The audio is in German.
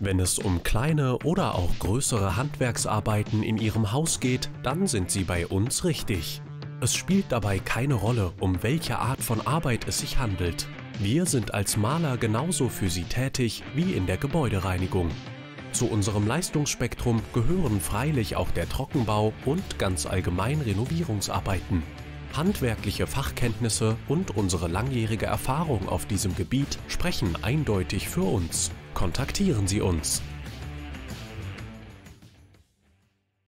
Wenn es um kleine oder auch größere Handwerksarbeiten in Ihrem Haus geht, dann sind Sie bei uns richtig. Es spielt dabei keine Rolle, um welche Art von Arbeit es sich handelt. Wir sind als Maler genauso für Sie tätig wie in der Gebäudereinigung. Zu unserem Leistungsspektrum gehören freilich auch der Trockenbau und ganz allgemein Renovierungsarbeiten. Handwerkliche Fachkenntnisse und unsere langjährige Erfahrung auf diesem Gebiet sprechen eindeutig für uns kontaktieren Sie uns.